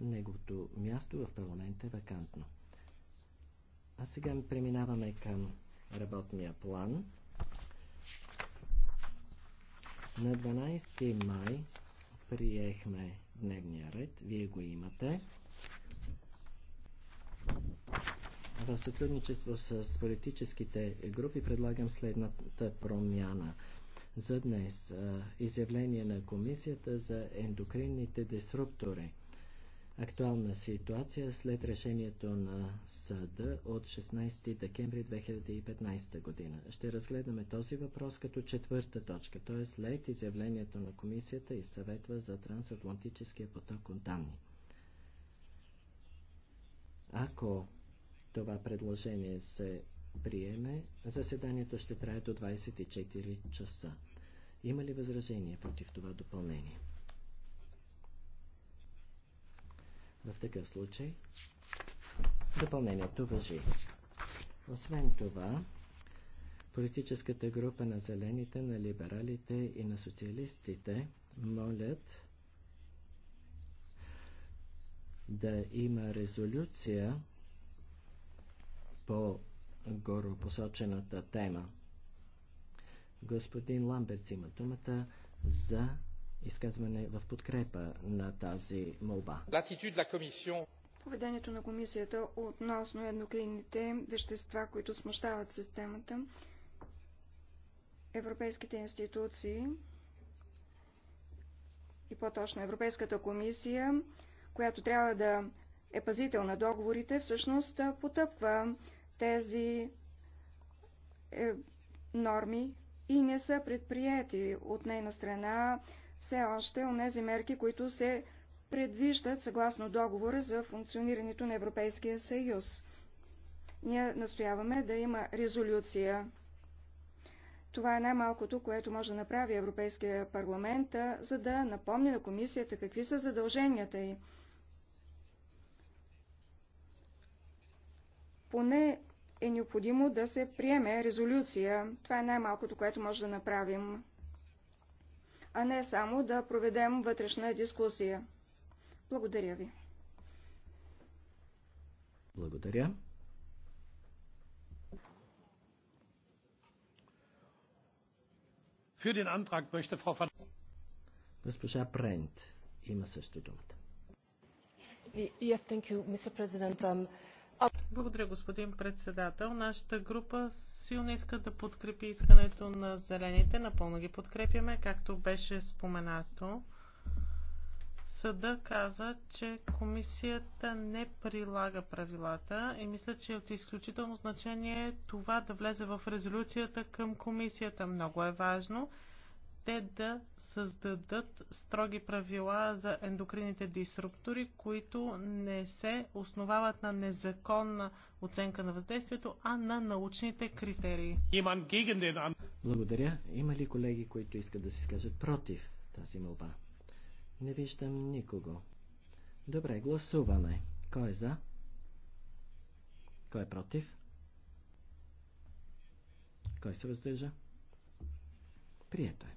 неговото място в парламента е вакантно. А сега преминаваме към работния план. На 12 май приехме дневния ред. Вие го имате. В сътрудничество с политическите групи предлагам следната промяна. За днес изявление на комисията за ендокринните дисруптори актуална ситуация след решението на съда от 16 декември 2015 година. Ще разгледаме този въпрос като четвърта точка, т.е. след изявлението на комисията и съветва за трансатлантическия поток от данни. Ако това предложение се приеме, заседанието ще трае до 24 часа. Има ли възражение против това допълнение? В такъв случай допълнението въжи. Освен това, политическата група на зелените, на либералите и на социалистите молят да има резолюция по горопосочената тема. Господин Ламберт има думата за изказване в подкрепа на тази молба. Поведението на комисията относно едноклинните вещества, които смущават системата, европейските институции и по-точно Европейската комисия, която трябва да е пазител на договорите, всъщност потъпва тези е, норми и не са предприяти от нейна страна все още онези мерки, които се предвиждат съгласно договора за функционирането на Европейския съюз. Ние настояваме да има резолюция. Това е най-малкото, което може да направи Европейския парламент, за да напомни на комисията какви са задълженията й. Поне е необходимо да се приеме резолюция. Това е най-малкото, което може да направим а не само да проведем вътрешна дискусия. Благодаря ви. Благодаря. Für den Antrag möchte Frau van... Госпожа Прент има също думата. Yes, thank you, Mr. President. Um, uh, благодаря, господин председател. Нашата група силно иска да подкрепи искането на зелените. Напълно ги подкрепяме, както беше споменато. Съда каза, че комисията не прилага правилата и мисля, че е от изключително значение това да влезе в резолюцията към комисията. Много е важно те да създадат строги правила за ендокрините дисруптори, които не се основават на незаконна оценка на въздействието, а на научните критерии. Благодаря. Има ли колеги, които искат да се скажат против тази молба? Не виждам никого. Добре, гласуваме. Кой е за? Кой е против? Кой се въздържа? Прието е.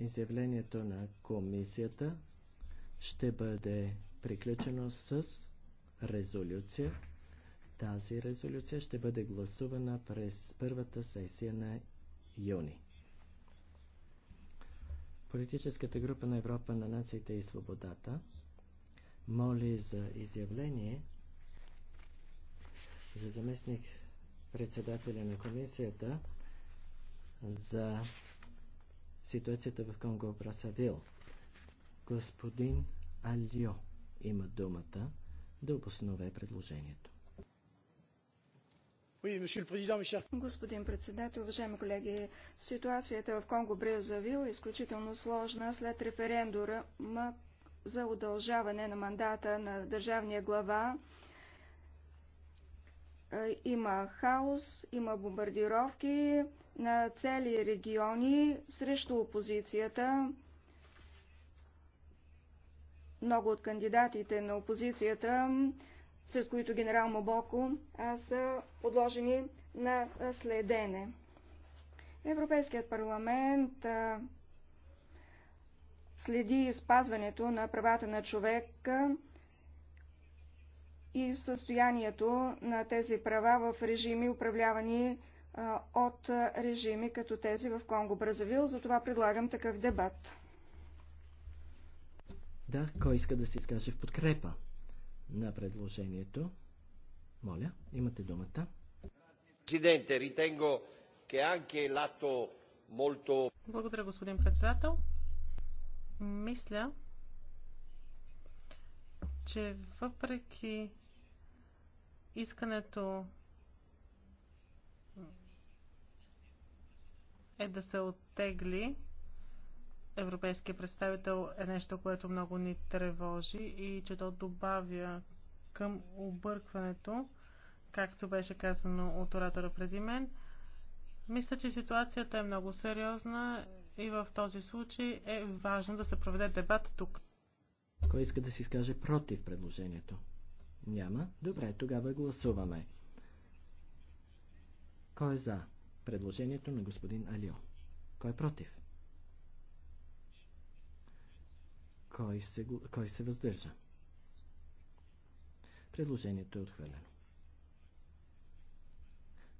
Изявлението на комисията ще бъде приключено с резолюция. Тази резолюция ще бъде гласувана през първата сесия на юни. Политическата група на Европа на нациите и свободата моли за изявление за заместник председателя на комисията за ситуацията в Конго Брасавил. Господин Алио има думата да обоснове предложението. Господин председател, уважаеми колеги, ситуацията в Конго Брезавил е изключително сложна след референдура за удължаване на мандата на държавния глава. Е, има хаос, има бомбардировки, на цели региони срещу опозицията. Много от кандидатите на опозицията, сред които генерал Мобоко, са подложени на следене. Европейският парламент следи спазването на правата на човека и състоянието на тези права в режими, управлявани от режими като тези в Конго Бразавил, затова предлагам такъв дебат. Да, кой иска да се изкаже в подкрепа на предложението? Моля, имате думата. Президенте, ритенго Благодаря, господин председател. Мисля, че въпреки искането е да се оттегли европейския представител е нещо, което много ни тревожи и че то добавя към объркването, както беше казано от оратора преди мен. Мисля, че ситуацията е много сериозна и в този случай е важно да се проведе дебат тук. Кой иска да си изкаже против предложението? Няма? Добре, тогава гласуваме. Кой е за? предложението на господин Алио. Кой е против? Кой се, кой се въздържа? Предложението е отхвърлено.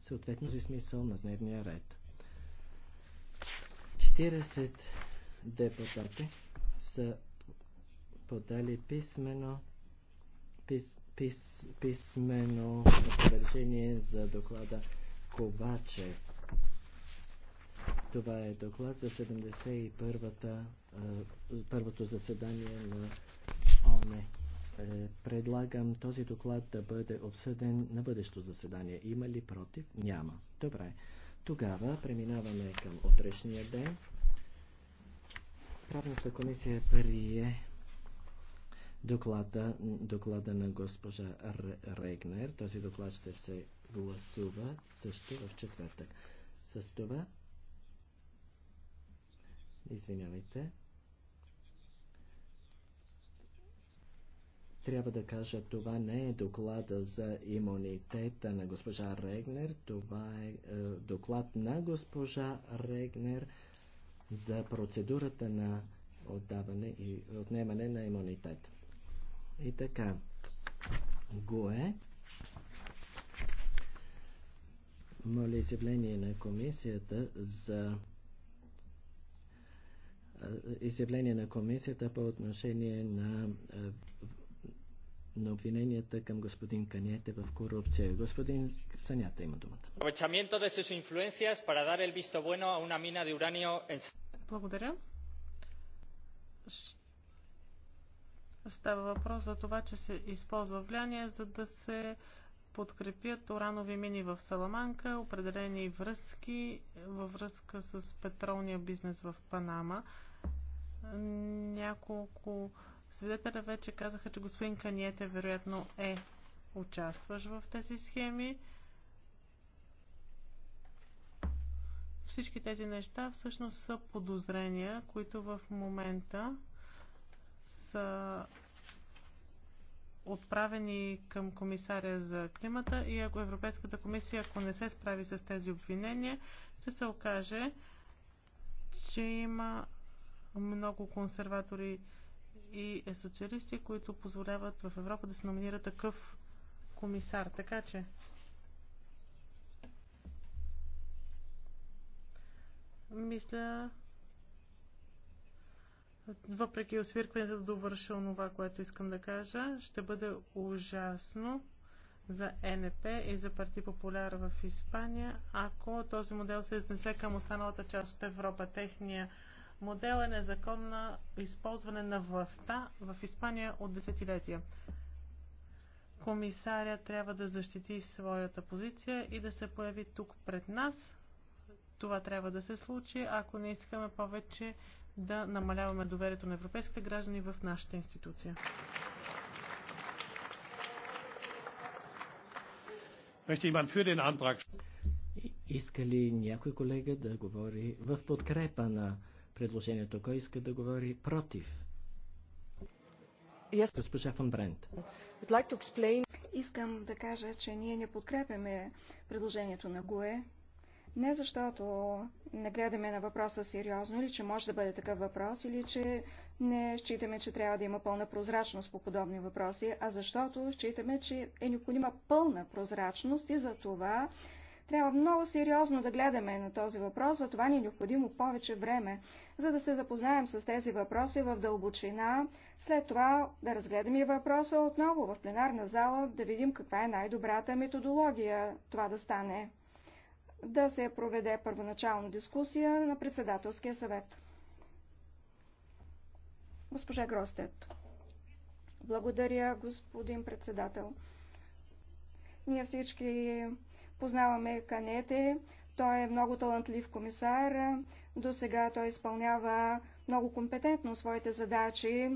Съответно за смисъл на дневния ред. 40 депутати са подали писмено пис, пис, писмено за доклада Ковачев. Това е доклад за 71-та, първото заседание на ОНЕ. Предлагам този доклад да бъде обсъден на бъдещо заседание. Има ли против? Няма. Добре. Тогава преминаваме към утрешния ден. Правната комисия прие доклада, доклада на госпожа Регнер. Този доклад ще се гласува също в четвъртък. С това извинявайте, трябва да кажа, това не е доклада за имунитета на госпожа Регнер, това е, е доклад на госпожа Регнер за процедурата на отдаване и отнемане на имунитет. И така, ГОЕ, моля изявление на комисията за изявление на комисията по отношение на, на обвиненията към господин Каняте в корупция. Господин Санята има думата. Благодаря. Става въпрос за това, че се използва влияние, за да се подкрепят уранови мини в Саламанка, определени връзки във връзка с петролния бизнес в Панама. Няколко свидетеля вече казаха, че господин Каниете вероятно е участваш в тези схеми. Всички тези неща всъщност са подозрения, които в момента са отправени към комисаря за климата и ако Европейската комисия, ако не се справи с тези обвинения, ще се окаже, че има много консерватори и социалисти, които позволяват в Европа да се номинира такъв комисар. Така че мисля, въпреки освиркването да довърша това, което искам да кажа, ще бъде ужасно за НП и за Парти Популяр в Испания, ако този модел се изнесе към останалата част от Европа. Техния модел е незаконно използване на властта в Испания от десетилетия. Комисаря трябва да защити своята позиция и да се появи тук пред нас. Това трябва да се случи, ако не искаме повече да намаляваме доверието на европейските граждани в нашата институция. Иска ли някой колега да говори в подкрепа на предложението. Кой иска да говори против? Yes. Госпожа Фон Брент. Like explain... Искам да кажа, че ние не подкрепяме предложението на ГУЕ. Не защото не гледаме на въпроса сериозно или че може да бъде такъв въпрос, или че не считаме, че трябва да има пълна прозрачност по подобни въпроси, а защото считаме, че е необходима пълна прозрачност и за това трябва много сериозно да гледаме на този въпрос, за това ни е необходимо повече време, за да се запознаем с тези въпроси в дълбочина, след това да разгледаме и въпроса отново в пленарна зала, да видим каква е най-добрата методология това да стане. Да се проведе първоначално дискусия на председателския съвет. Госпожа Гростет. Благодаря, господин председател. Ние всички Познаваме Канете, той е много талантлив комисар, до сега той изпълнява много компетентно своите задачи.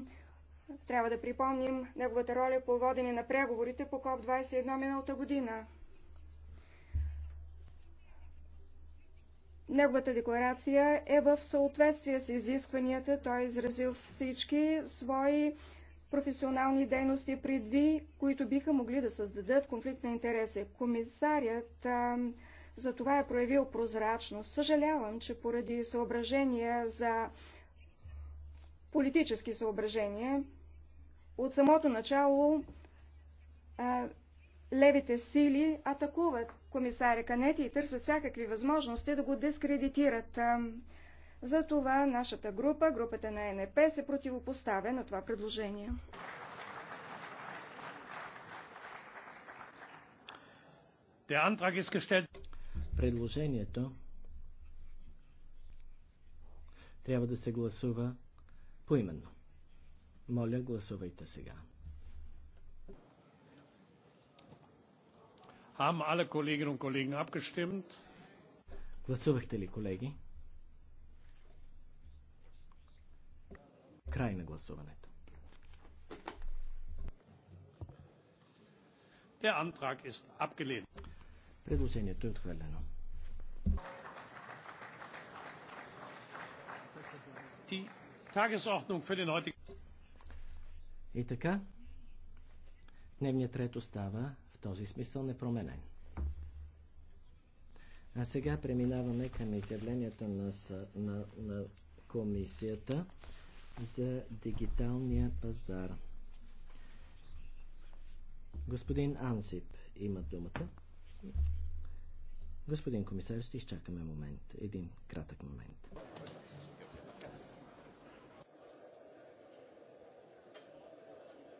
Трябва да припомним неговата роля по водене на преговорите по КОП-21 миналата година. Неговата декларация е в съответствие с изискванията. Той е изразил всички свои професионални дейности предви, които биха могли да създадат конфликт на интереси. Комисарият а, за това е проявил прозрачност. Съжалявам, че поради съображения за политически съображения, от самото начало а, левите сили атакуват комисаря Канети и търсят всякакви възможности да го дискредитират. А, затова нашата група, групата на НП, се противопоставя на това предложение. Предложението трябва да се гласува поименно. Моля, гласувайте сега. alle Kolleginnen und Kollegen abgestimmt? Гласувахте ли, колеги? Край на гласуването. Предложението е отхвърлено. И така, дневният ред остава в този смисъл непроменен. А сега преминаваме към изявлението на, на, на комисията за дигиталния пазар. Господин Ансип има думата. Господин комисар, ще изчакаме момент. Един кратък момент.